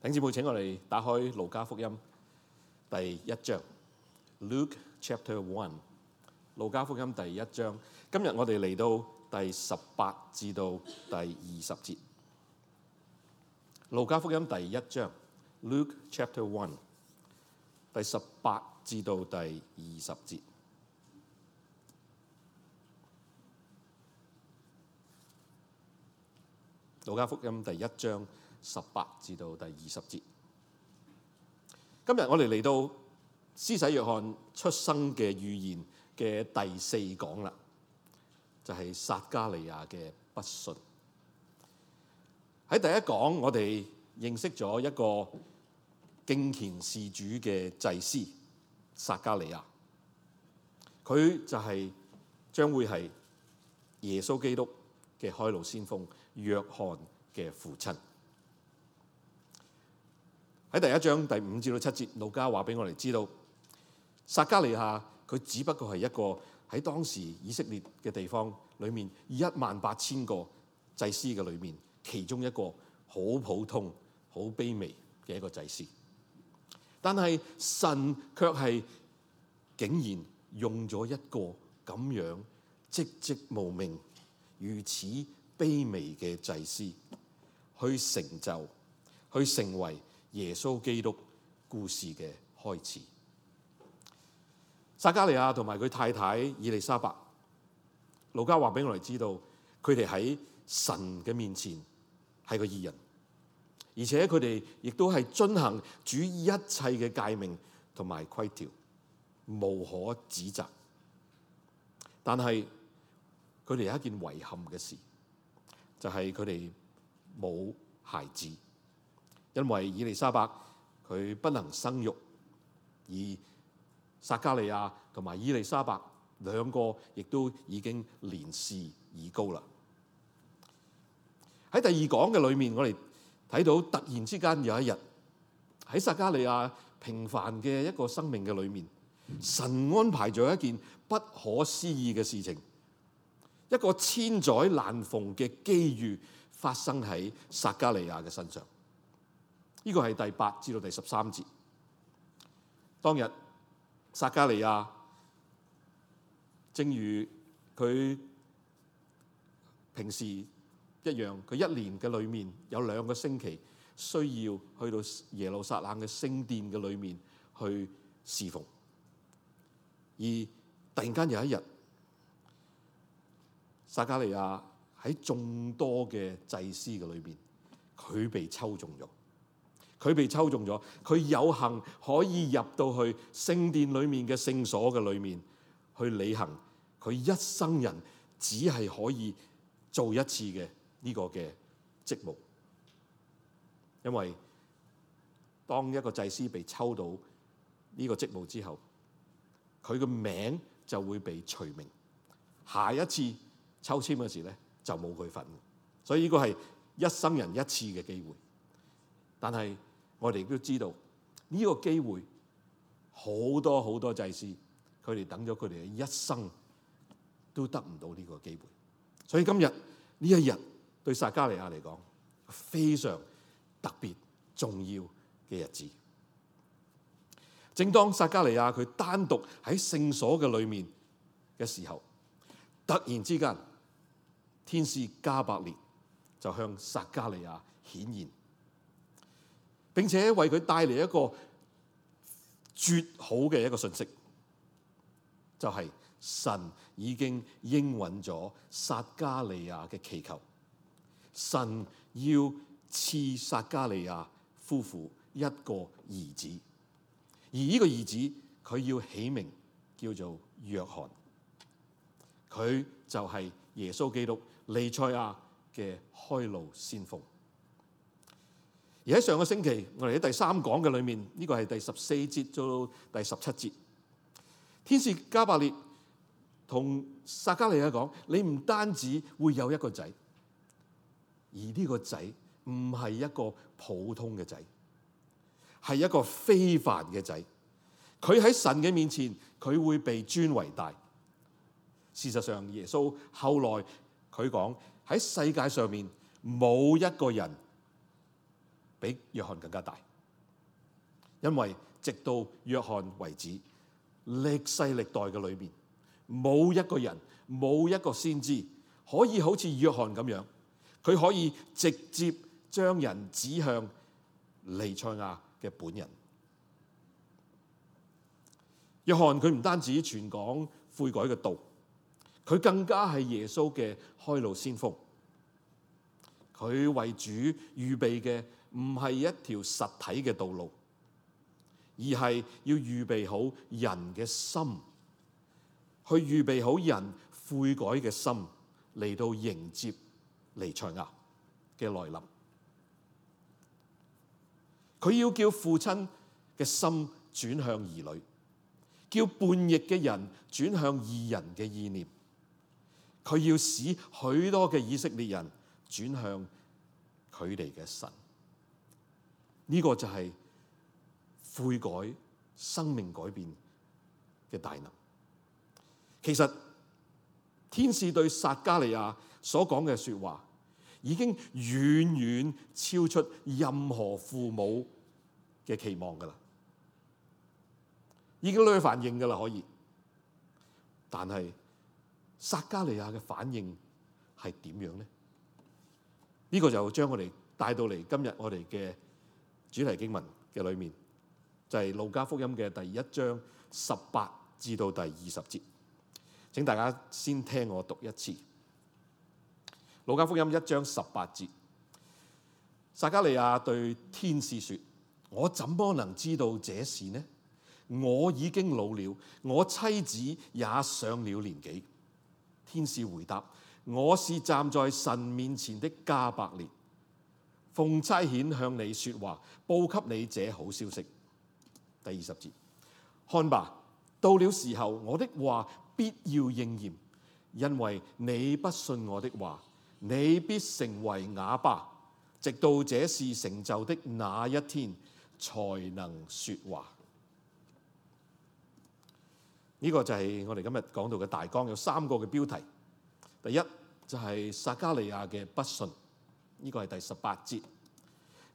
頂住部，請我哋打開《路加福音》第一章，Luke Chapter One，《路加福音》第一章。今日我哋嚟到第十八至到第二十節，《路加福音》第一章，Luke Chapter One，第十八至到第二十節，《路加福音》第一章。十八至到第二十節，今日我哋嚟到施洗約翰出生嘅預言嘅第四講啦，就是，就係撒迦利亞嘅不信。喺第一講，我哋認識咗一個敬虔事主嘅祭司撒迦利亞，佢就係將會係耶穌基督嘅開路先鋒約翰嘅父親。喺第一章第五至到七節，路加話俾我哋知道，撒迦利亞佢只不過係一個喺當時以色列嘅地方裏面一萬八千個祭司嘅裏面其中一個好普通、好卑微嘅一個祭司。但係神卻係竟然用咗一個咁樣籍籍無名、如此卑微嘅祭司去成就、去成為，耶穌基督故事嘅開始，撒迦利亞同埋佢太太以利沙伯。路加話俾我哋知道，佢哋喺神嘅面前係個義人，而且佢哋亦都係遵行主一切嘅誡命同埋規條，無可指責。但係佢哋有一件遺憾嘅事，就係佢哋冇孩子。因為以利沙伯佢不能生育，而撒迦利亞同埋以利沙伯兩個亦都已經年事已高啦。喺第二講嘅裏面，我哋睇到突然之間有一日，喺撒迦利亞平凡嘅一個生命嘅裏面，神安排咗一件不可思議嘅事情，一個千載難逢嘅機遇發生喺撒迦利亞嘅身上。呢個係第八至到第十三節。當日，撒迦利亞正如佢平時一樣，佢一年嘅裏面有兩個星期需要去到耶路撒冷嘅聖殿嘅裏面去侍奉。而突然間有一日，撒迦利亞喺眾多嘅祭司嘅裏面，佢被抽中咗。佢被抽中咗，佢有幸可以入到去聖殿裏面嘅聖所嘅裏面去履行，佢一生人只係可以做一次嘅呢個嘅職務，因為當一個祭司被抽到呢個職務之後，佢嘅名就會被除名，下一次抽籤嘅時咧就冇佢份。所以呢個係一生人一次嘅機會，但係。我哋都知道呢個機會好多好多祭司，佢哋等咗佢哋嘅一生都得唔到呢個機會。所以今日呢一日對撒迦利亞嚟講非常特別重要嘅日子。正當撒迦利亞佢單獨喺聖所嘅裏面嘅時候，突然之間，天使加百列就向撒迦利亞顯現。並且為佢帶嚟一個絕好嘅一個信息，就係、是、神已經應允咗撒迦利亞嘅祈求，神要賜撒迦利亞夫婦一個兒子，而呢個兒子佢要起名叫做約翰，佢就係耶穌基督彌賽亞嘅開路先鋒。而喺上個星期，我哋喺第三講嘅裏面，呢個係第十四節到第十七節。天使加百列同撒迦利亞講：你唔單止會有一個仔，而呢個仔唔係一個普通嘅仔，係一個非凡嘅仔。佢喺神嘅面前，佢會被尊為大。事實上，耶穌後來佢講：喺世界上面冇一個人。比約翰更加大，因為直到約翰為止，歷世歷代嘅裏面，冇一個人，冇一個先知可以好似約翰咁樣，佢可以直接將人指向彌賽亞嘅本人。約翰佢唔單止傳講悔改嘅道，佢更加係耶穌嘅開路先鋒，佢為主預備嘅。唔係一條實體嘅道路，而係要預備好人嘅心，去預備好人悔改嘅心，嚟到迎接彌賽亞嘅來臨。佢要叫父親嘅心轉向兒女，叫叛逆嘅人轉向義人嘅意念。佢要使許多嘅以色列人轉向佢哋嘅神。呢個就係悔改、生命改變嘅大能。其實天使對撒迦利亞所講嘅說話，已經遠遠超出任何父母嘅期望噶啦，已經攞嚟反應噶啦，可以。但係撒迦利亞嘅反應係點樣呢？呢、呢個就將我哋帶到嚟今日我哋嘅主題經文嘅裏面就係《路加福音》嘅第一章十八至到第二十節。請大家先聽我讀一次《路加福音》一章十八節。撒迦利亞對天使說：我怎麼能知道這事呢？我已經老了，我妻子也上了年紀。天使回答：我是站在神面前的加百列。奉差遣向你說話，報給你這好消息。第二十節，看吧，到了時候，我的話必要應驗，因為你不信我的話，你必成為啞巴，直到這事成就的那一天，才能說話。呢、這個就係我哋今日講到嘅大綱，有三個嘅標題。第一就係、是、撒迦利亞嘅不信。呢個係第十八節。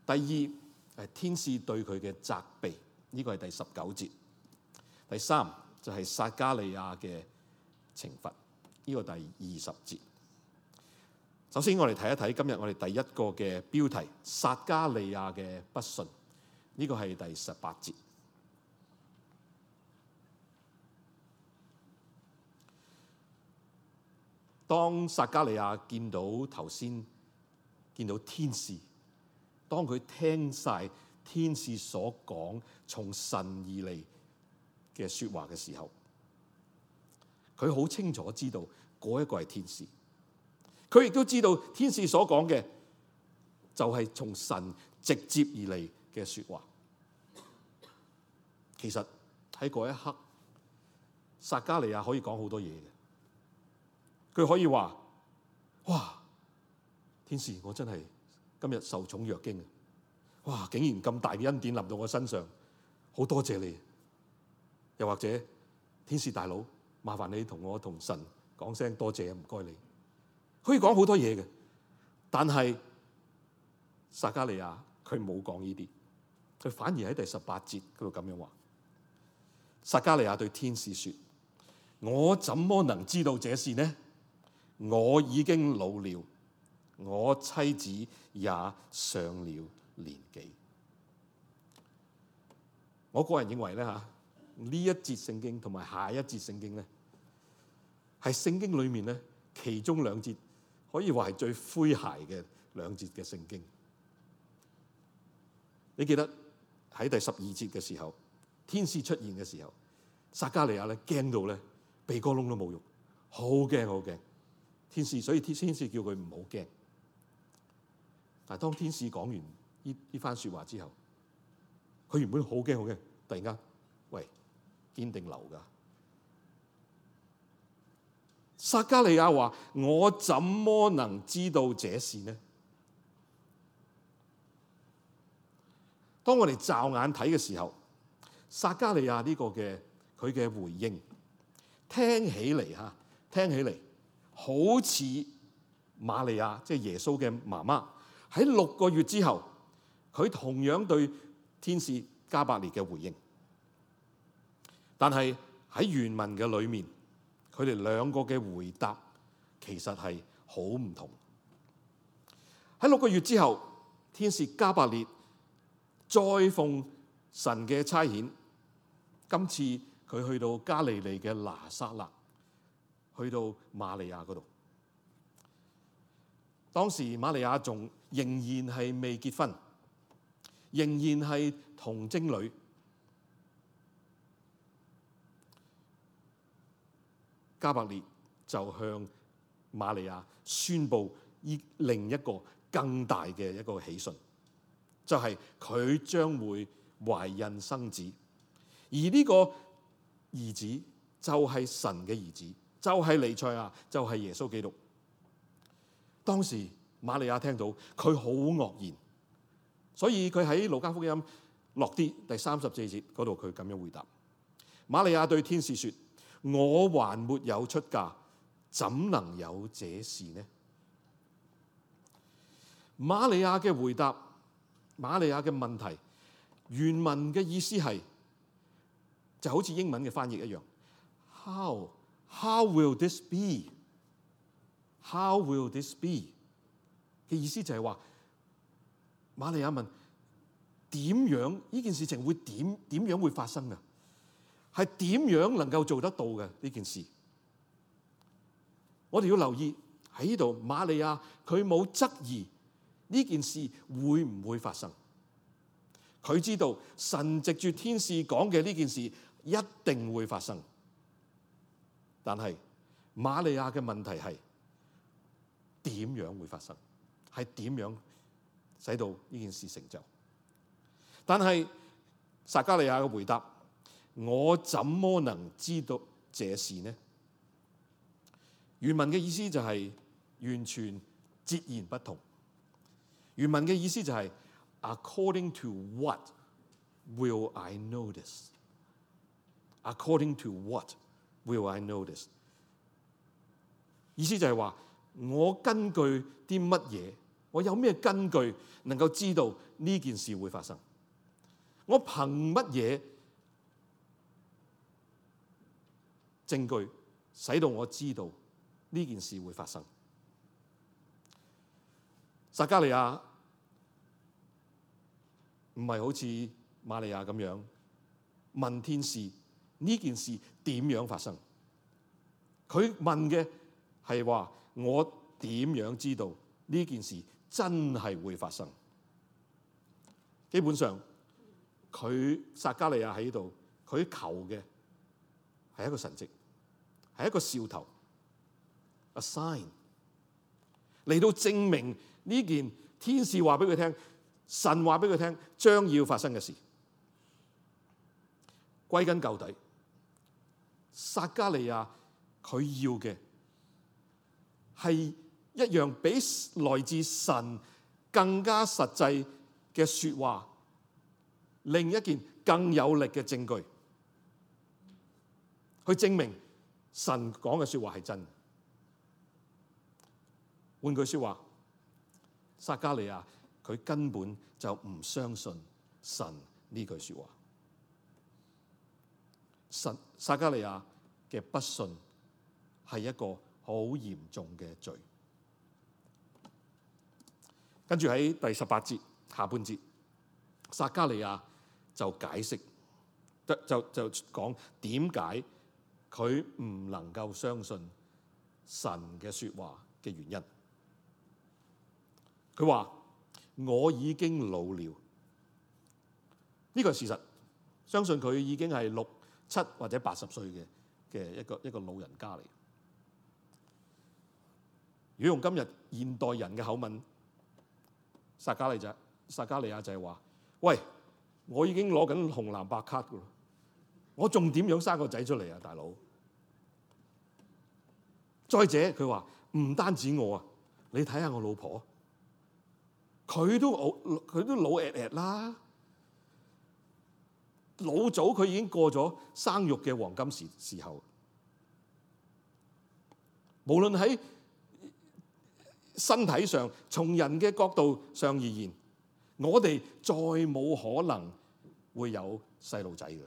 第二，誒天使對佢嘅責備，呢、這個係第十九節。第三就係、是、撒迦利亞嘅懲罰，呢、這個第二十節。首先，我哋睇一睇今日我哋第一個嘅標題：撒迦利亞嘅不信。呢、這個係第十八節。當撒迦利亞見到頭先，見到天使，當佢聽晒天使所講從神而嚟嘅說話嘅時候，佢好清楚知道嗰一個係天使。佢亦都知道天使所講嘅就係從神直接而嚟嘅說話。其實喺嗰一刻，撒迦利亞可以講好多嘢嘅。佢可以話：哇！天使，我真係今日受寵若驚啊！哇，竟然咁大嘅恩典臨到我身上，好多謝你。又或者，天使大佬，麻煩你同我同神講聲多謝啊，唔該你。可以講好多嘢嘅，但係撒迦利亞佢冇講呢啲，佢反而喺第十八節嗰度咁樣話：撒迦利亞對天使説：我怎麼能知道這事呢？我已經老了。我妻子也上了年紀。我個人認為咧嚇，呢一節聖經同埋下一節聖經咧，係聖經裏面咧，其中兩節可以話係最詼諧嘅兩節嘅聖經。你記得喺第十二節嘅時候，天使出現嘅時候，撒迦利亞咧驚到咧，鼻哥窿都冇肉，好驚好驚。天使，所以天使叫佢唔好驚。但當天使講完呢呢番說話之後，佢原本好驚好驚，突然間，喂，堅定留噶撒迦利亞話：我怎麼能知道這事呢？當我哋驟眼睇嘅時候，撒迦利亞呢個嘅佢嘅回應聽起嚟，嚇，聽起嚟好似瑪利亞，即係耶穌嘅媽媽。喺六個月之後，佢同樣對天使加百列嘅回應。但係喺原文嘅裏面，佢哋兩個嘅回答其實係好唔同。喺六個月之後，天使加百列再奉神嘅差遣，今次佢去到加利利嘅拿撒勒，去到瑪利亞嗰度。當時瑪利亞仲仍然係未結婚，仍然係童貞女。加百列就向瑪利亞宣佈依另一個更大嘅一個喜訊，就係佢將會懷孕生子，而呢個兒子就係神嘅兒子，就係彌賽亞，就係、是、耶穌基督。當時瑪利亞聽到，佢好愕然，所以佢喺《路加福音》落啲第三十四節嗰度，佢咁樣回答：瑪利亞對天使説：我還沒有出嫁，怎能有這事呢？瑪利亞嘅回答，瑪利亞嘅問題，原文嘅意思係就好似英文嘅翻譯一樣：How how will this be？How will this be？嘅意思就係話瑪利亞問，點樣呢件事情會點點樣會發生噶？係點樣能夠做得到嘅呢件事？我哋要留意喺呢度，瑪利亞佢冇質疑呢件事會唔會發生。佢知道神藉住天使講嘅呢件事一定會發生，但係瑪利亞嘅問題係。點樣會發生？係點樣使到呢件事成就？但係撒迦利亞嘅回答：我怎麼能知道這事呢？原文嘅意思就係完全截然不同。原文嘅意思就係、是、：According to what will I notice？According to what will I notice？意思就係話。我根據啲乜嘢？我有咩根據能夠知道呢件事會發生？我憑乜嘢證據使到我知道呢件事會發生？撒迦利亞唔係好似瑪利亞咁樣問天使：「呢件事點樣發生？」佢問嘅係話。我點樣知道呢件事真係會發生？基本上，佢撒迦利亞喺度，佢求嘅係一個神跡，係一個兆頭，a sign 嚟到證明呢件天使話俾佢聽，神話俾佢聽，將要發生嘅事。歸根究底，撒迦利亞佢要嘅。係一樣比來自神更加實際嘅説話，另一件更有力嘅證據，去證明神講嘅説話係真。換句説話，撒迦利亞佢根本就唔相信神呢句説話。神撒迦利亞嘅不信係一個。好嚴重嘅罪在。跟住喺第十八節下半節，撒迦利亞就解釋，就就講點解佢唔能夠相信神嘅説話嘅原因。佢話：我已經老了，呢個係事實。相信佢已經係六七或者八十歲嘅嘅一個一個老人家嚟。如果用今日現代人嘅口吻，撒迦利就係撒迦利亞就係話：喂，我已經攞緊紅藍白卡㗎喇，我仲點樣生個仔出嚟啊，大佬！再者佢話唔單止我啊，你睇下我老婆，佢都，都老佢都老 at at 啦，老早佢已經過咗生育嘅黃金時時候，無論喺身體上，從人嘅角度上而言，我哋再冇可能會有細路仔嘅，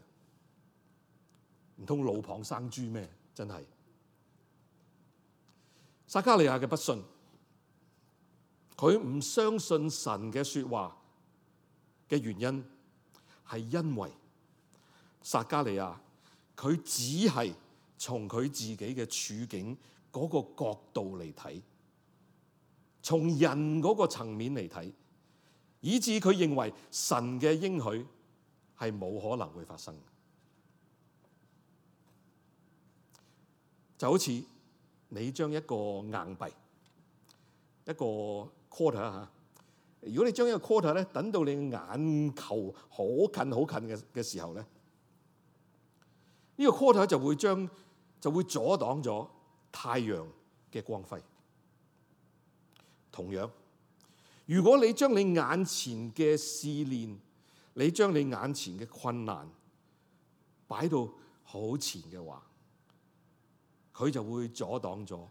唔通老蚌生珠咩？真係撒迦利亞嘅不信，佢唔相信神嘅說話嘅原因係因為撒迦利亞佢只係從佢自己嘅處境嗰個角度嚟睇。從人嗰個層面嚟睇，以致佢認為神嘅應許係冇可能會發生。就好似你將一個硬幣，一個 quarter 嚇，如果你將一個 quarter 咧等到你眼球好近好近嘅嘅時候咧，呢個 quarter 就會將就會阻擋咗太陽嘅光輝。同樣，如果你將你眼前嘅試煉，你將你眼前嘅困難擺到好前嘅話，佢就會阻擋咗，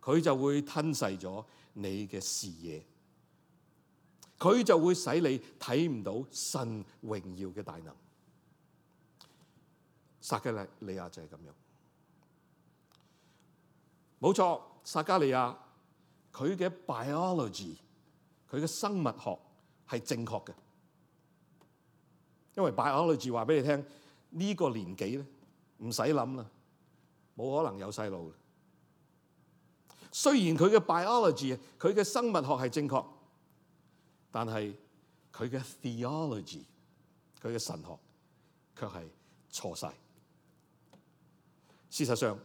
佢就會吞噬咗你嘅視野，佢就會使你睇唔到神榮耀嘅大能。撒迦利亞就係咁樣，冇錯，撒迦利亞。佢嘅 biology，佢嘅生物學係正確嘅，因為 biology 話俾你聽，呢個年紀咧，唔使諗啦，冇可能有細路。雖然佢嘅 biology，佢嘅生物學係正確，但係佢嘅 theology，佢嘅神學卻係錯晒。事實上，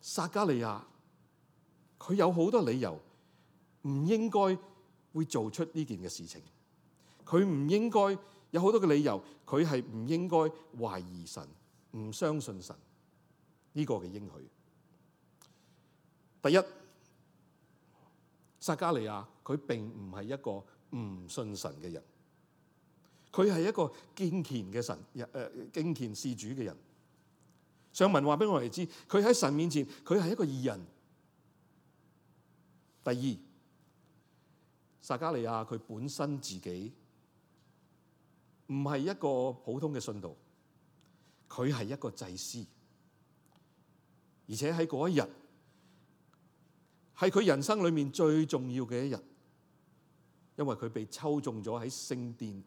撒迦利亞。佢有好多理由唔應該會做出呢件嘅事情，佢唔應該有好多嘅理由，佢係唔應該懷疑神、唔相信神呢個嘅應許。第一，撒迦利亞佢並唔係一個唔信神嘅人，佢係一個敬虔嘅神、誒敬虔事主嘅人。上文話俾我哋知，佢喺神面前，佢係一個義人。第二，撒迦利亞佢本身自己唔係一個普通嘅信徒，佢係一個祭司，而且喺嗰一日係佢人生裏面最重要嘅一日，因為佢被抽中咗喺聖殿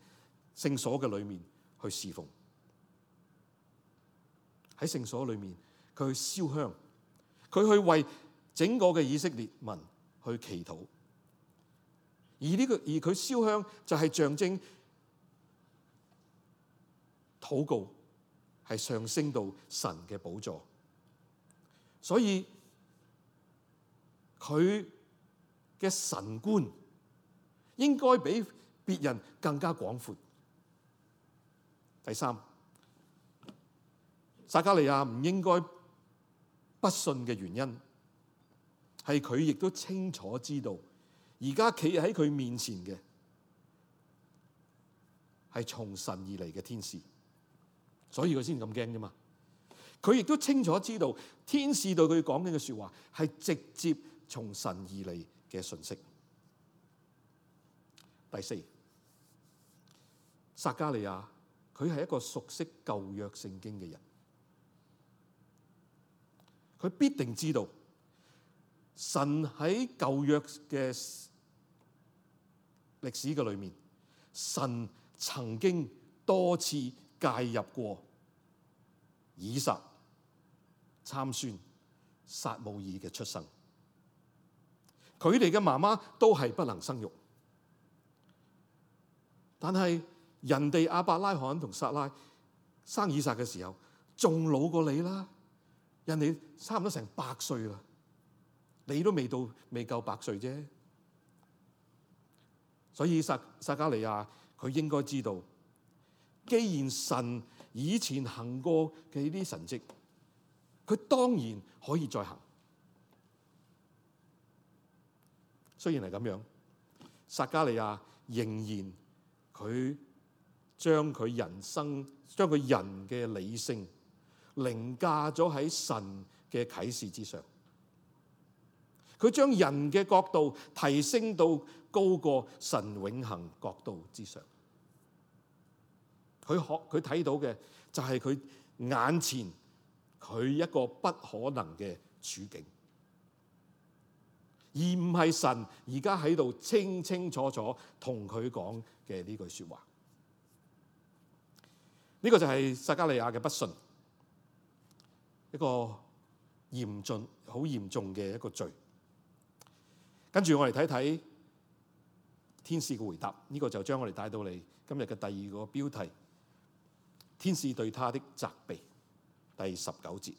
聖所嘅裏面去侍奉喺聖所裏面，佢去燒香，佢去為整個嘅以色列民。去祈禱，而呢個而佢燒香就係象徵禱告，係上升到神嘅寶座，所以佢嘅神觀應該比別人更加廣闊。第三，撒迦利亞唔應該不信嘅原因。係佢亦都清楚知道，而家企喺佢面前嘅係從神而嚟嘅天使，所以佢先咁驚啫嘛。佢亦都清楚知道，天使對佢講緊嘅說話係直接從神而嚟嘅信息。第四，撒迦利亞佢係一個熟悉舊約聖經嘅人，佢必定知道。神喺舊約嘅歷史嘅裏面，神曾經多次介入過以撒、參孫、撒母耳嘅出生，佢哋嘅媽媽都係不能生育，但係人哋亞伯拉罕同撒拉生以撒嘅時候，仲老過你啦，人哋差唔多成百歲啦。你都未到，未夠百歲啫。所以撒撒迦利亞佢應該知道，既然神以前行過嘅啲神蹟，佢當然可以再行。雖然係咁樣，撒迦利亞仍然佢將佢人生、將佢人嘅理性凌駕咗喺神嘅啟示之上。佢將人嘅角度提升到高過神永恆角度之上，佢可佢睇到嘅就係佢眼前佢一個不可能嘅處境，而唔係神而家喺度清清楚楚同佢講嘅呢句説話。呢個就係撒迦利亞嘅不信，一個嚴重好嚴重嘅一個罪。跟住我哋睇睇天使嘅回答，呢、這個就將我哋帶到嚟今日嘅第二個標題：天使對他的責備，第十九節。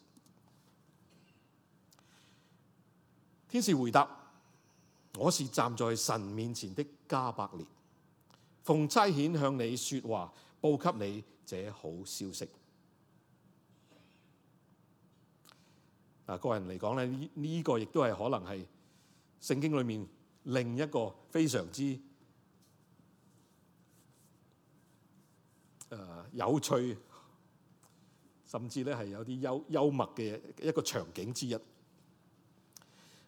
天使回答：我是站在神面前的加百列，奉差遣向你說話，報給你這好消息。嗱，個人嚟講咧，呢、這、呢個亦都係可能係。聖經裏面另一個非常之誒有趣，甚至咧係有啲幽幽默嘅一個場景之一。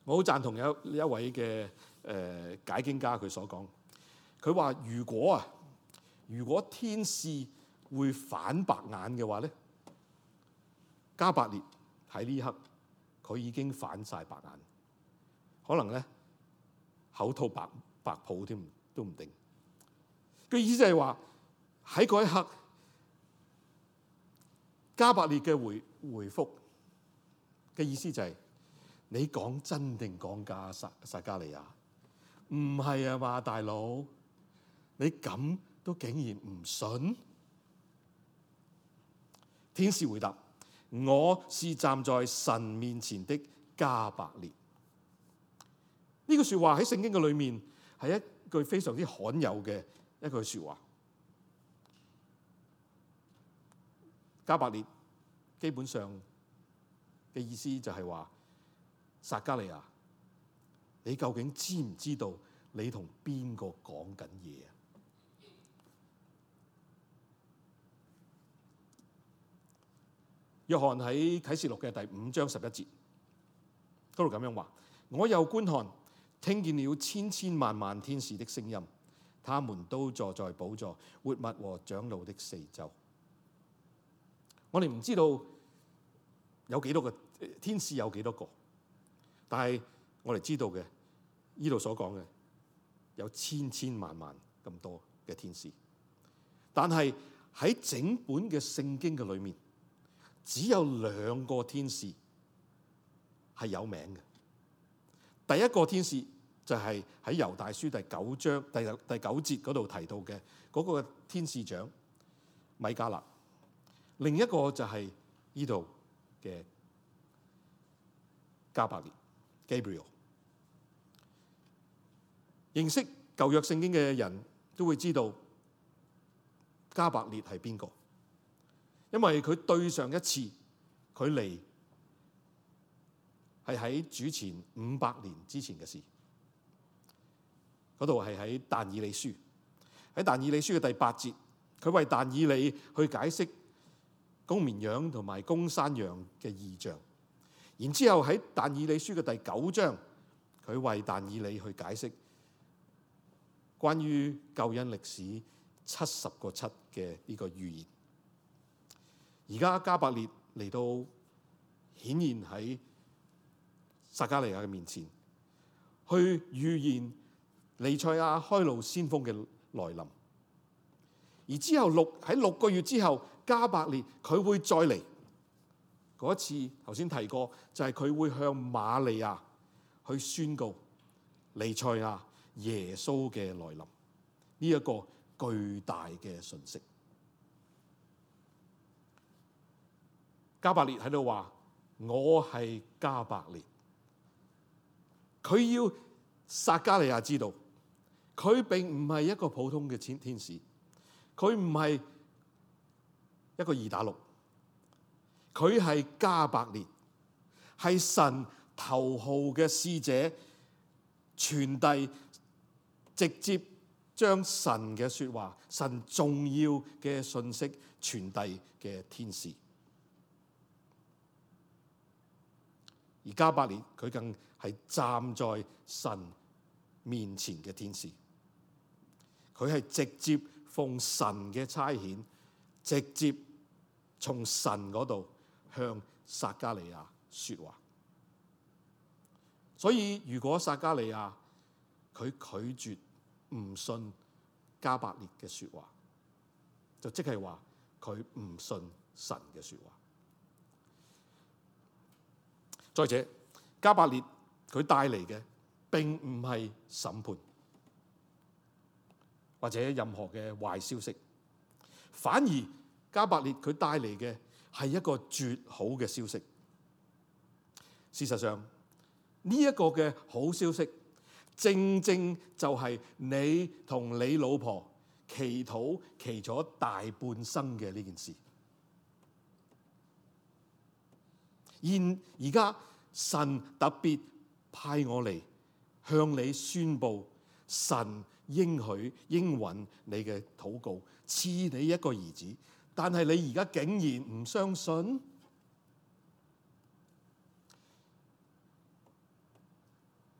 我好贊同有一位嘅誒解經家佢所講，佢話：如果啊，如果天使會反白眼嘅話咧，加百列喺呢刻佢已經反晒白眼。可能咧，口吐白白泡添，都唔定。嘅意思就係話喺嗰一刻，加百列嘅回回覆嘅意思就係、是：你講真定講假？撒撒迦利亞，唔係啊嘛，大佬，你咁都竟然唔信？天使回答：我是站在神面前的加百列。呢句說話喺聖經嘅裏面係一句非常之罕有嘅一句說話。加百列基本上嘅意思就係話，撒迦利亞，你究竟知唔知道你同邊個講緊嘢啊？約翰喺啟示錄嘅第五章十一節嗰度咁樣話：我又觀看。聽見了千千萬萬天使的聲音，他們都坐在寶座、活物和長老的四周。我哋唔知道有幾多個天使，有幾多個，但係我哋知道嘅，呢度所講嘅有千千萬萬咁多嘅天使，但係喺整本嘅聖經嘅裏面，只有兩個天使係有名嘅，第一個天使。就係喺《猶大書》第九章第第九節嗰度提到嘅嗰個天使長米迦勒，另一個就係呢度嘅加百列 （Gabriel）。認識舊約聖經嘅人都會知道加百列係邊個，因為佢對上一次佢嚟係喺主前五百年之前嘅事。嗰度係喺但以理書，喺但以理書嘅第八節，佢為但以理去解釋公綿羊同埋公山羊嘅異象。然之後喺但以理書嘅第九章，佢為但以理去解釋關於救恩歷史七十個七嘅呢個預言。而家加百列嚟到，顯現喺撒迦利亞嘅面前，去預言，彌賽亞開路先鋒嘅來臨，而之後六喺六個月之後，加百列佢會再嚟嗰次。頭先提過就係、是、佢會向馬利亞去宣告彌賽亞耶穌嘅來臨呢一、這個巨大嘅信息。加百列喺度話：我係加百列，佢要撒迦利亞知道。佢並唔係一個普通嘅天天使，佢唔係一個二打六，佢係加百列，係神頭號嘅使者，傳遞，直接將神嘅說話、神重要嘅信息傳遞嘅天使。而加百列，佢更係站在神面前嘅天使。佢係直接奉神嘅差遣，直接從神嗰度向撒迦利亞説話。所以如果撒迦利亞佢拒絕唔信加百列嘅説話，就即係話佢唔信神嘅説話。再者，加百列佢帶嚟嘅並唔係審判。或者任何嘅壞消息，反而加百列佢帶嚟嘅係一個絕好嘅消息。事實上，呢一個嘅好消息，正正就係你同你老婆祈禱祈咗大半生嘅呢件事。現而家神特別派我嚟向你宣佈，神。應許應允你嘅禱告，賜你一個兒子，但係你而家竟然唔相信。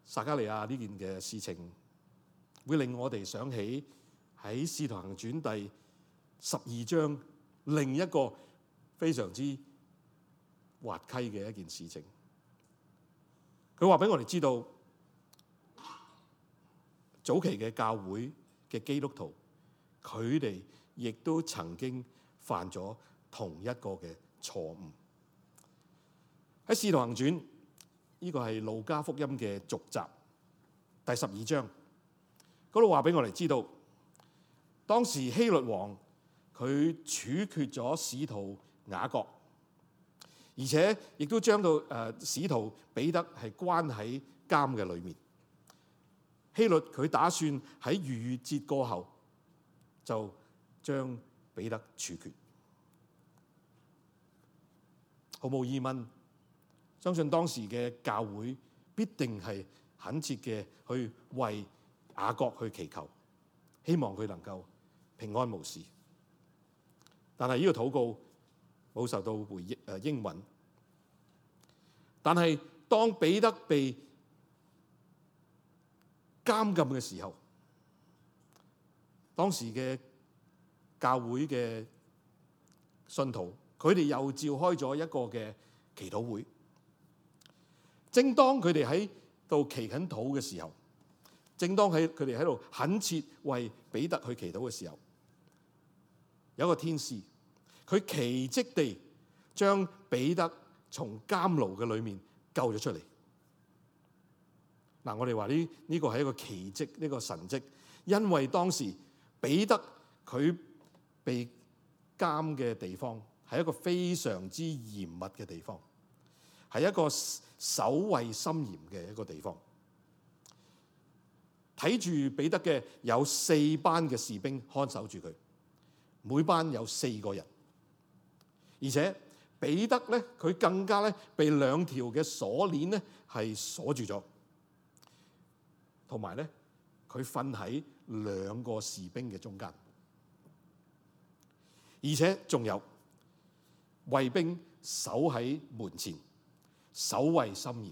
撒迦利亞呢件嘅事情，會令我哋想起喺《使徒行傳》第十二章另一個非常之滑稽嘅一件事情。佢話俾我哋知道。早期嘅教會嘅基督徒，佢哋亦都曾經犯咗同一個嘅錯誤。喺《使徒行傳》，呢個係路加福音嘅續集第十二章，嗰度話俾我哋知道，當時希律王佢處決咗使徒雅各，而且亦都將到誒使徒彼得係關喺監嘅裏面。希律佢打算喺逾越節過後就將彼得處決，毫無疑問。相信當時嘅教會必定係懇切嘅去為雅各去祈求，希望佢能夠平安無事。但係呢個禱告冇受到回應誒應允。但係當彼得被監禁嘅時候，當時嘅教會嘅信徒，佢哋又召開咗一個嘅祈禱會。正當佢哋喺度祈緊禱嘅時候，正當喺佢哋喺度懇切為彼得去祈禱嘅時候，有一個天使，佢奇跡地將彼得從監牢嘅裏面救咗出嚟。嗱，我哋話呢，呢個係一個奇蹟，呢個神蹟，因為當時彼得佢被監嘅地方係一個非常之嚴密嘅地方，係一個守衛森嚴嘅一個地方。睇住彼得嘅有四班嘅士兵看守住佢，每班有四個人，而且彼得咧佢更加咧被兩條嘅鎖鏈咧係鎖住咗。同埋咧，佢瞓喺兩個士兵嘅中間，而且仲有衛兵守喺門前，守衞森嚴，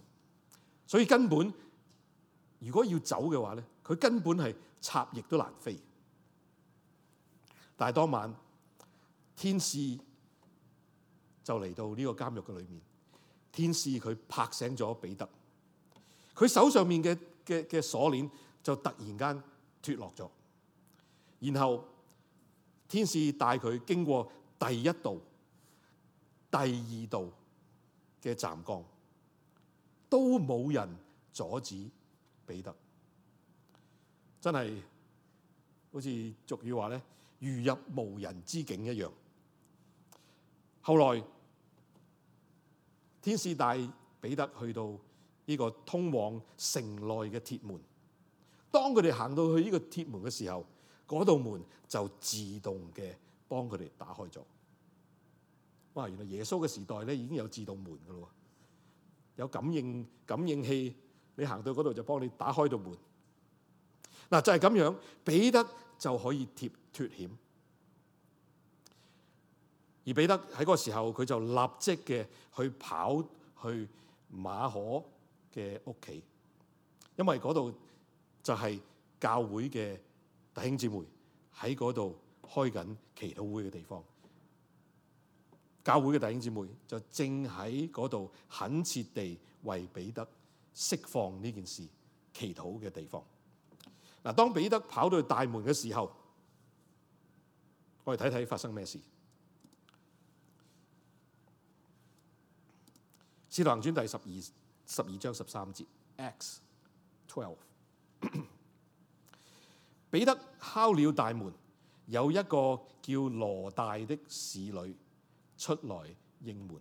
所以根本如果要走嘅話咧，佢根本係插翼都難飛。但係當晚，天使就嚟到呢個監獄嘅裏面，天使佢拍醒咗彼得，佢手上面嘅。嘅嘅鎖鏈就突然間脫落咗，然後天使帶佢經過第一道、第二道嘅站崗，都冇人阻止彼得，真係好似俗語話咧，如入無人之境一樣。後來天使帶彼得去到。呢個通往城內嘅鐵門，當佢哋行到去呢個鐵門嘅時候，嗰道門就自動嘅幫佢哋打開咗。哇！原來耶穌嘅時代咧已經有自動門嘅咯，有感應、感應器，你行到嗰度就幫你打開道門。嗱、啊、就係、是、咁樣，彼得就可以貼脱險。而彼得喺嗰個時候，佢就立即嘅去跑去馬可。嘅屋企，因為嗰度就係教會嘅弟兄姊妹喺嗰度開緊祈禱會嘅地方，教會嘅弟兄姊妹就正喺嗰度，懇切地為彼得釋放呢件事祈禱嘅地方。嗱，當彼得跑到去大門嘅時候，我哋睇睇發生咩事。使徒行傳第十二。十二章十三節，Acts twelve。彼得敲了大門，有一個叫羅大的侍女出來應門。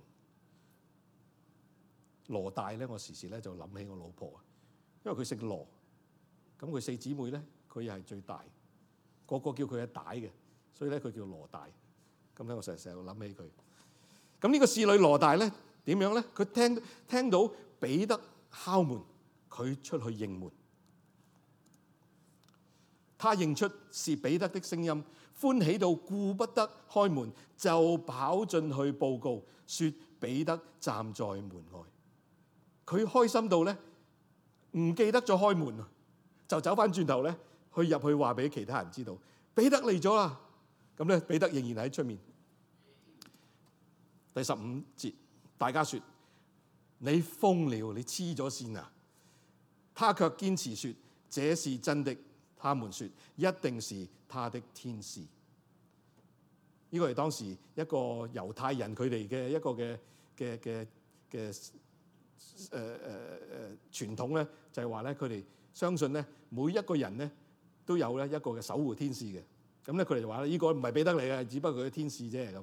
羅大咧，我時時咧就諗起我老婆啊，因為佢姓羅，咁佢四姊妹咧，佢又係最大，個個叫佢阿帶嘅，所以咧佢叫羅大。咁咧，我成日成日諗起佢。咁呢個侍女羅大咧點樣咧？佢聽聽到。彼得敲門，佢出去應門，他認出是彼得的聲音，歡喜到顧不得開門，就跑進去報告，說彼得站在門外。佢開心到咧，唔記得咗開門，就走翻轉頭咧去入去話俾其他人知道彼得嚟咗啦。咁咧彼得仍然喺出面。第十五節，大家說。你瘋了，你痴咗線啊！他卻堅持說這是真的。他們說一定是他的天使。呢個係當時一個猶太人佢哋嘅一個嘅嘅嘅嘅誒誒誒傳統咧，就係話咧佢哋相信咧每一個人咧都有咧一個嘅守護天使嘅。咁咧佢哋就話咧呢個唔係彼得嚟嘅，只不過佢嘅天使啫咁。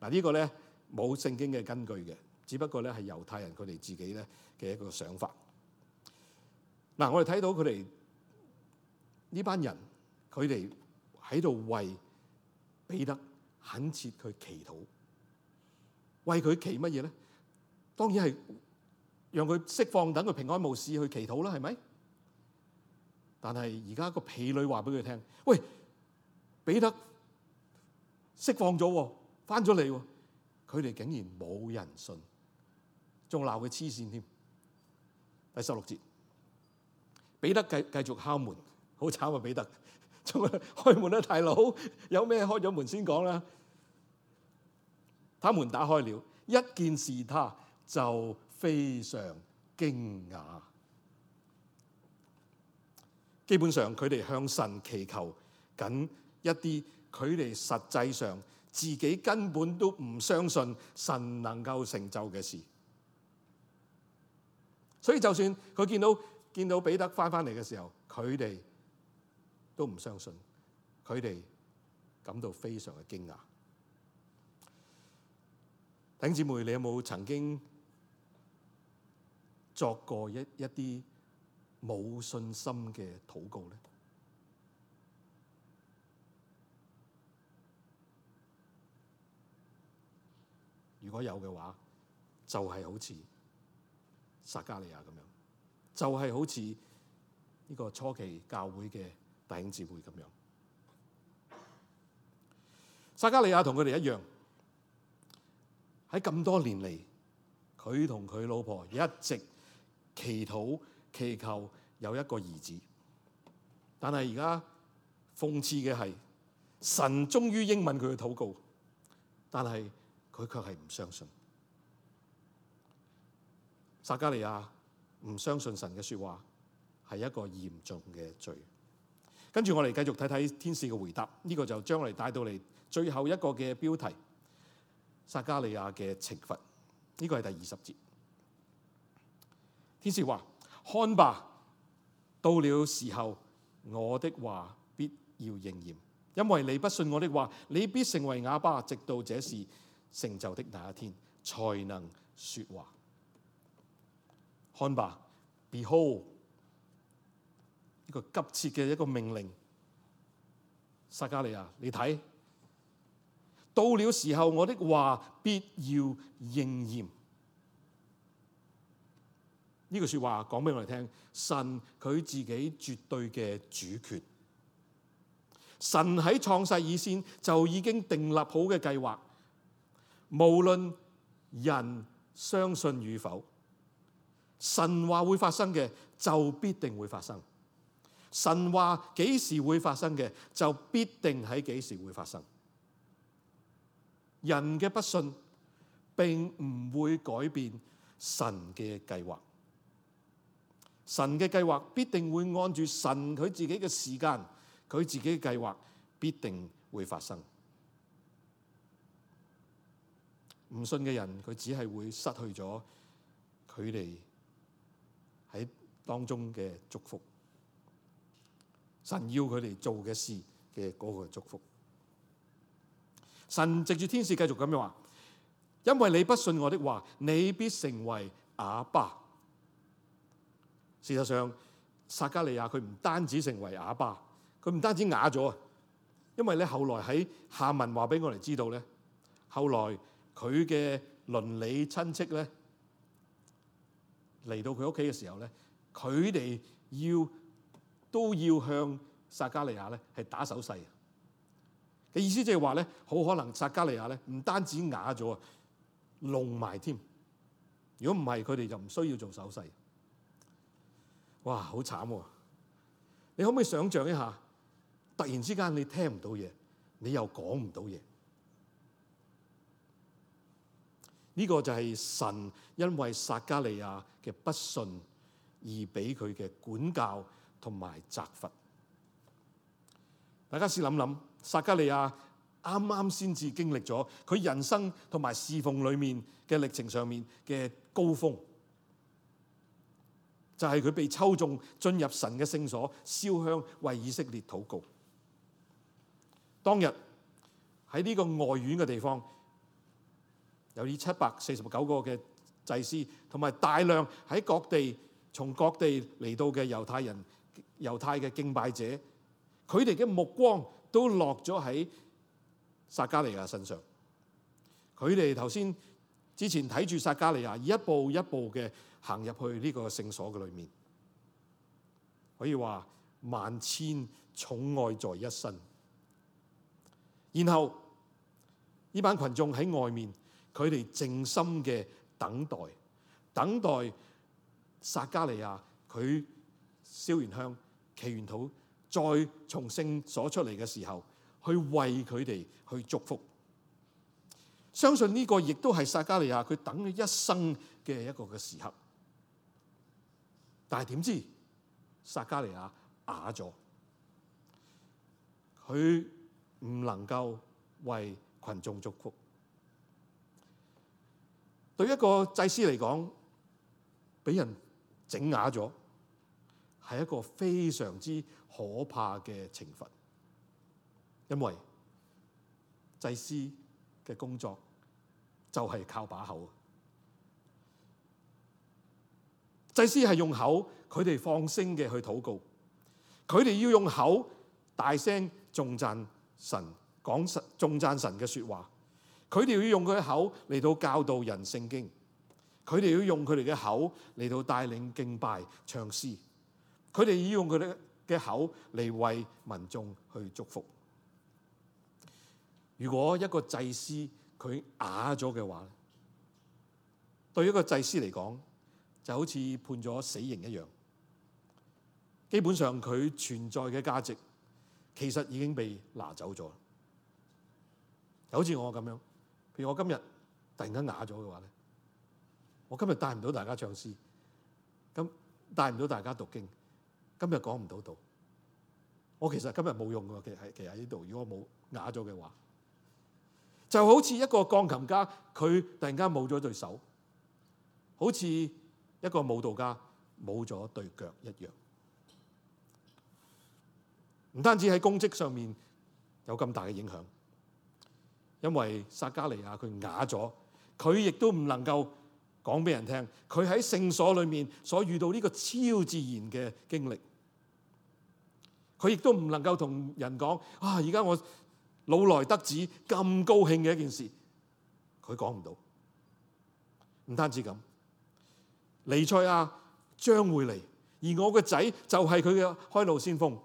嗱，呢個咧冇聖經嘅根據嘅。只不過咧係猶太人佢哋自己咧嘅一個想法。嗱，我哋睇到佢哋呢班人，佢哋喺度為彼得懇切佢祈禱，為佢祈乜嘢咧？當然係讓佢釋放，等佢平安無事去祈禱啦，係咪？但係而家個婢女話俾佢聽：「喂，彼得釋放咗，翻咗嚟」，佢哋竟然冇人信。仲鬧佢黐綫添，第十六節，彼得繼繼續敲門，好慘啊！彼得，仲開門咧、啊，大佬有咩開咗門先講啦？他們打開了一見是他，他就非常驚訝。基本上，佢哋向神祈求緊一啲，佢哋實際上自己根本都唔相信神能夠成就嘅事。所以就算佢見到見到彼得返返嚟嘅時候，佢哋都唔相信，佢哋感到非常嘅驚訝。弟姊妹，你有冇曾經作過一一啲冇信心嘅禱告咧？如果有嘅話，就係、是、好似撒迦利亞咁樣，就係、是、好似呢個初期教會嘅弟兄姊妹咁樣。撒迦利亞同佢哋一樣，喺咁多年嚟，佢同佢老婆一直祈禱、祈求有一個兒子，但係而家諷刺嘅係，神終於應允佢嘅禱告，但係佢卻係唔相信。撒迦利亞唔相信神嘅說話，係一個嚴重嘅罪。跟住我哋繼續睇睇天使嘅回答，呢、這個就將我哋帶到嚟最後一個嘅標題：撒迦利亞嘅懲罰。呢、這個係第二十節。天使話：看吧，到了時候，我的話必要應驗，因為你不信我的話，你必成為啞巴，直到這事成就的那一天，才能說話。看吧，Behold！一個急切嘅一個命令，撒迦利亞，你睇，到了時候，我的話必要應驗。呢句説話講俾我哋聽，神佢自己絕對嘅主權，神喺創世以前就已經訂立好嘅計劃，無論人相信與否。神話會發生嘅就必定會發生，神話幾時會發生嘅就必定喺幾時會發生。人嘅不信並唔會改變神嘅計劃，神嘅計劃必定會按住神佢自己嘅時間，佢自己嘅計劃必定會發生。唔信嘅人佢只係會失去咗佢哋。當中嘅祝福，神要佢哋做嘅事嘅嗰個祝福，神藉住天使繼續咁樣話：因為你不信我的話，你必成為啞巴。事實上，撒迦利亞佢唔單止成為啞巴，佢唔單止啞咗啊！因為咧，後來喺下文話俾我哋知道咧，後來佢嘅鄰里親戚咧嚟到佢屋企嘅時候咧。佢哋要都要向撒迦利亞咧係打手勢，嘅意思就是說，即係話咧，好可能撒迦利亞咧唔單止啞咗啊，聾埋添。如果唔係，佢哋就唔需要做手勢。哇，好慘喎、啊！你可唔可以想象一下？突然之間你聽唔到嘢，你又講唔到嘢。呢、這個就係神因為撒迦利亞嘅不信。而俾佢嘅管教同埋責罰，大家試諗諗，撒迦利亞啱啱先至經歷咗佢人生同埋侍奉裏面嘅歷程上面嘅高峰，就係佢被抽中進入神嘅聖所，燒香為以色列禱告。當日喺呢個外院嘅地方，有啲七百四十九個嘅祭司，同埋大量喺各地。從各地嚟到嘅猶太人、猶太嘅敬拜者，佢哋嘅目光都落咗喺撒迦利亞身上。佢哋頭先之前睇住撒迦利亞一步一步嘅行入去呢個聖所嘅裏面，可以話萬千寵愛在一身。然後呢班群眾喺外面，佢哋靜心嘅等待，等待。撒迦利亞佢燒完香、祈完禱，再從聖所出嚟嘅時候，去為佢哋去祝福。相信呢個亦都係撒迦利亞佢等咗一生嘅一個嘅時刻。但係點知撒迦利亞啞咗，佢唔能夠為群眾祝福。對一個祭司嚟講，俾人。整啞咗，係一個非常之可怕嘅懲罰，因為祭司嘅工作就係靠把口。祭司係用口，佢哋放聲嘅去禱告，佢哋要用口大聲頌讚神，講神頌讚神嘅說話，佢哋要用佢嘅口嚟到教導人聖經。佢哋要用佢哋嘅口嚟到帶領敬拜、唱詩，佢哋要用佢哋嘅口嚟為民眾去祝福。如果一個祭司佢啞咗嘅話，對一個祭司嚟講就好似判咗死刑一樣，基本上佢存在嘅價值，其實已經被拿走咗。就好似我咁樣，譬如我今日突然間啞咗嘅話咧。我今日帶唔到大家唱詩，咁帶唔到大家讀經，今日講唔到道。我其實今日冇用嘅，其實其實喺呢度。如果我冇啞咗嘅話，就好似一個鋼琴家，佢突然間冇咗對手，好似一個舞蹈家冇咗對腳一樣。唔單止喺功績上面有咁大嘅影響，因為撒迦利亞佢啞咗，佢亦都唔能夠。講俾人聽，佢喺聖所裏面所遇到呢個超自然嘅經歷，佢亦都唔能夠同人講啊！而家我老來得子咁高興嘅一件事，佢講唔到。唔單止咁，彌賽亞將會嚟，而我個仔就係佢嘅開路先鋒。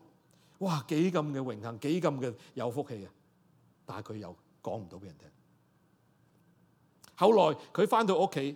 哇，幾咁嘅榮幸，幾咁嘅有福氣呀，但係佢又講唔到俾人聽。後來佢翻到屋企。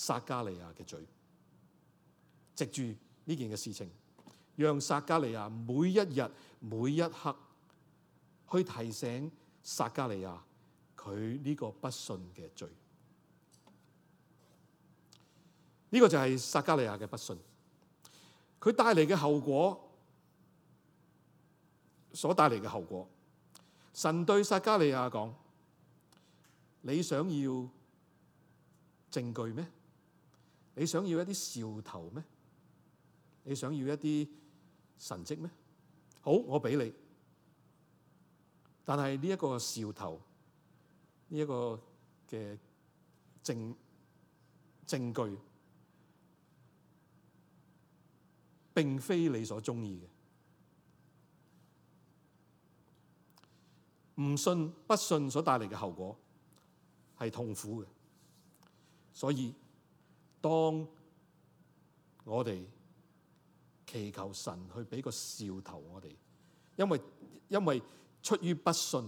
撒迦利亞嘅罪，藉住呢件嘅事情，讓撒迦利亞每一日每一刻去提醒撒迦利亞佢呢個不信嘅罪。呢個就係撒迦利亞嘅不信，佢帶嚟嘅後果，所帶嚟嘅後果，神對撒迦利亞講：你想要證據咩？你想要一啲兆頭咩？你想要一啲神跡咩？好，我俾你。但係呢一個兆頭，呢一個嘅證證據，並非你所中意嘅。唔信，不信所帶嚟嘅後果係痛苦嘅，所以。當我哋祈求神去俾個兆頭我哋，因為因為出於不信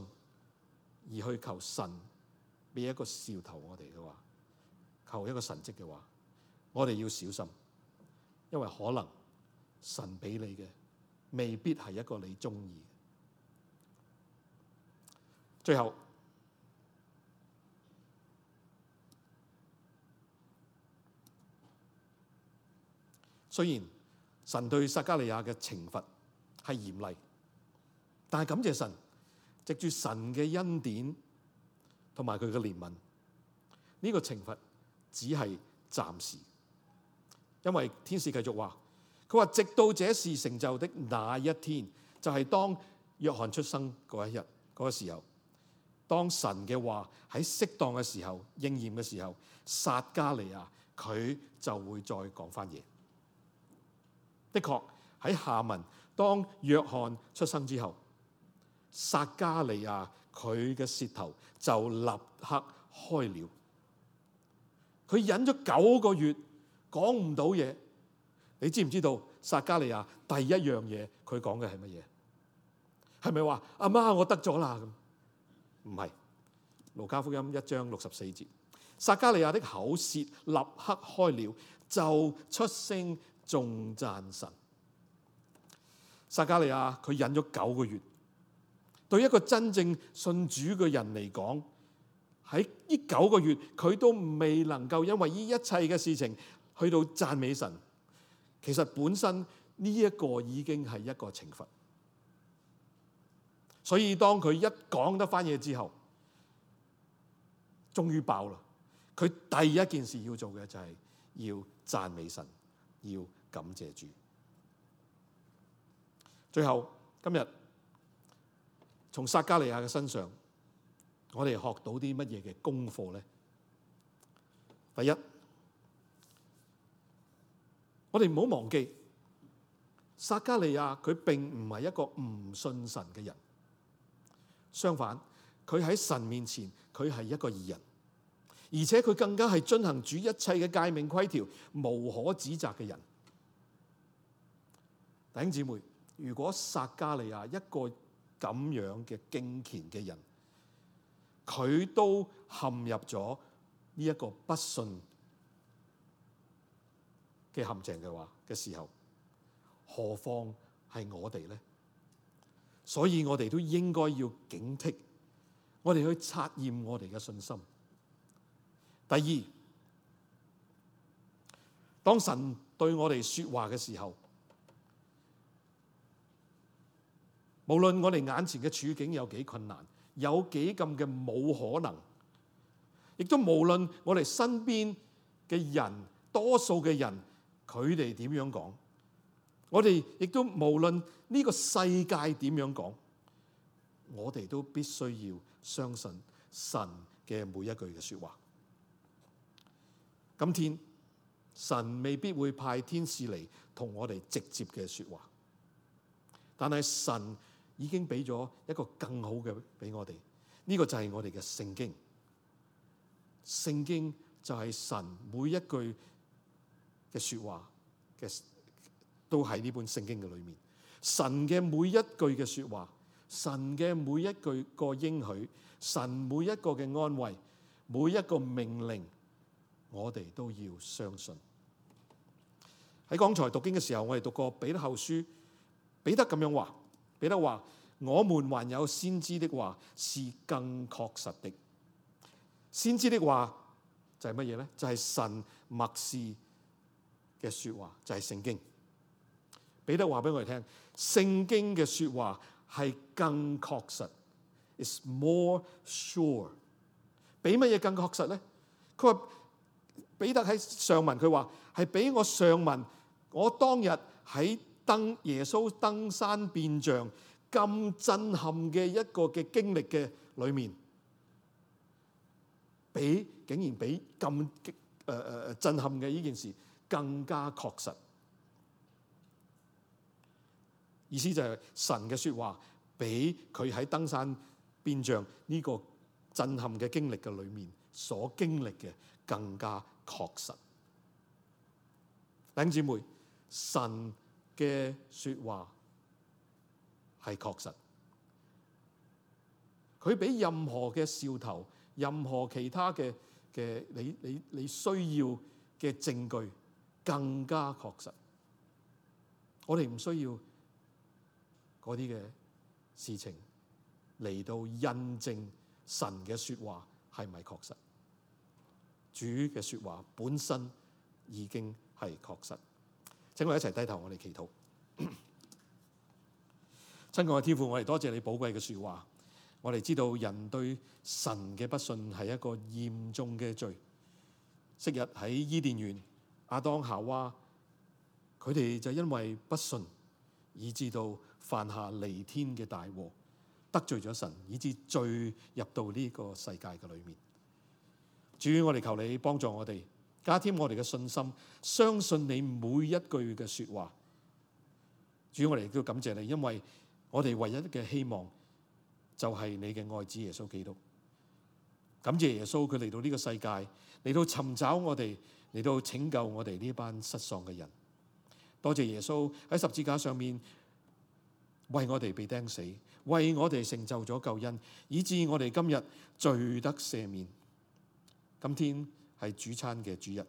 而去求神俾一個兆頭我哋嘅話，求一個神跡嘅話，我哋要小心，因為可能神俾你嘅未必係一個你中意嘅。最後。雖然神對撒迦利亞嘅懲罰係嚴厲，但係感謝神，藉住神嘅恩典同埋佢嘅憐憫，呢、這個懲罰只係暫時。因為天使繼續話佢話，直到這事成就的那一天，就係、是、當約翰出生嗰一日嗰、那個時候，當神嘅話喺適當嘅時候應驗嘅時候，撒迦利亞佢就會再講返嘢。的確喺下文，當約翰出生之後，撒迦利亞佢嘅舌頭就立刻開了。佢忍咗九個月，講唔到嘢。你知唔知道撒迦利亞第一樣嘢佢講嘅係乜嘢？係咪話阿媽我得咗啦？噉唔係。路加福音一章六十四節，撒迦利亞的口舌立刻開了，就出聲。仲讚神，撒迦利亞佢忍咗九個月，對一個真正信主嘅人嚟講，喺呢九個月佢都未能夠因為呢一切嘅事情去到讚美神。其實本身呢一個已經係一個懲罰，所以當佢一講得翻嘢之後，終於爆啦！佢第一件事要做嘅就係要讚美神，要。感謝主。最後今日從撒迦利亞嘅身上，我哋學到啲乜嘢嘅功課呢？第一，我哋唔好忘記撒迦利亞佢並唔係一個唔信神嘅人，相反佢喺神面前佢係一個義人，而且佢更加係遵行主一切嘅誡命規條，無可指責嘅人。弟兄姊妹，如果撒迦利亞一個咁樣嘅敬虔嘅人，佢都陷入咗呢一個不信嘅陷阱嘅話嘅時候，何況係我哋咧？所以我哋都應該要警惕，我哋去察驗我哋嘅信心。第二，當神對我哋說話嘅時候。無論我哋眼前嘅處境有幾困難，有幾咁嘅冇可能，亦都無論我哋身邊嘅人，多數嘅人，佢哋點樣講，我哋亦都無論呢個世界點樣講，我哋都必須要相信神嘅每一句嘅說話。今天神未必會派天使嚟同我哋直接嘅說話，但係神。已經俾咗一個更好嘅俾我哋，呢、呢個就係我哋嘅聖經。聖經就係神每一句嘅說話嘅，都喺呢本聖經嘅裏面。神嘅每一句嘅說話，神嘅每一句個應許，神每一個嘅安慰，每一個命令，我哋都要相信。喺剛才讀經嘅時候，我哋讀過《彼得後書》比，彼得咁樣話。彼得話：我們還有先知的話是更確實的。先知的話就係乜嘢咧？就係、是、神默示嘅説話，就係、是、聖經。彼得話俾我哋聽，聖經嘅説話係更確實。It's more sure 比。比乜嘢更確實咧？佢話，彼得喺上文佢話係俾我上文，我當日喺。登耶穌登山變像咁震撼嘅一個嘅經歷嘅裏面，比竟然比咁誒誒震撼嘅呢件事更加確實。意思就係神嘅説話，比佢喺登山變像呢個震撼嘅經歷嘅裏面所經歷嘅更加確實。弟兄姊妹，神。嘅説話係確實，佢比任何嘅兆頭、任何其他嘅嘅你你你需要嘅證據更加確實。我哋唔需要嗰啲嘅事情嚟到印證神嘅説話係咪確實。主嘅説話本身已經係確實。請我哋一齊低頭我，我哋祈禱。親愛嘅天父，我哋多謝你寶貴嘅說話，我哋知道人對神嘅不信係一個嚴重嘅罪。昔日喺伊甸園，亞當夏娃佢哋就因為不信，以致到犯下彌天嘅大禍，得罪咗神，以致罪入到呢個世界嘅裏面。主，我哋求你幫助我哋。加添我哋嘅信心，相信你每一句嘅說話。主，我哋都感謝你，因為我哋唯一嘅希望就係你嘅愛子耶穌基督。感謝耶穌，佢嚟到呢個世界，嚟到尋找我哋，嚟到拯救我哋呢班失喪嘅人。多謝耶穌喺十字架上面為我哋被釘死，為我哋成就咗救恩，以致我哋今日罪得赦免。今天係主餐嘅主日，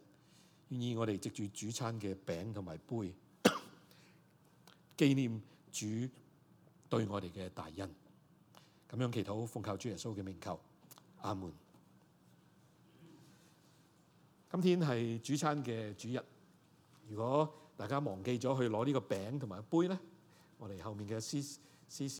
願意我哋藉住主餐嘅餅同埋杯，紀 念主對我哋嘅大恩，咁樣祈禱，奉靠主耶穌嘅名求，阿門。今天係主餐嘅主日，如果大家忘記咗去攞呢個餅同埋杯咧，我哋後面嘅司司。C C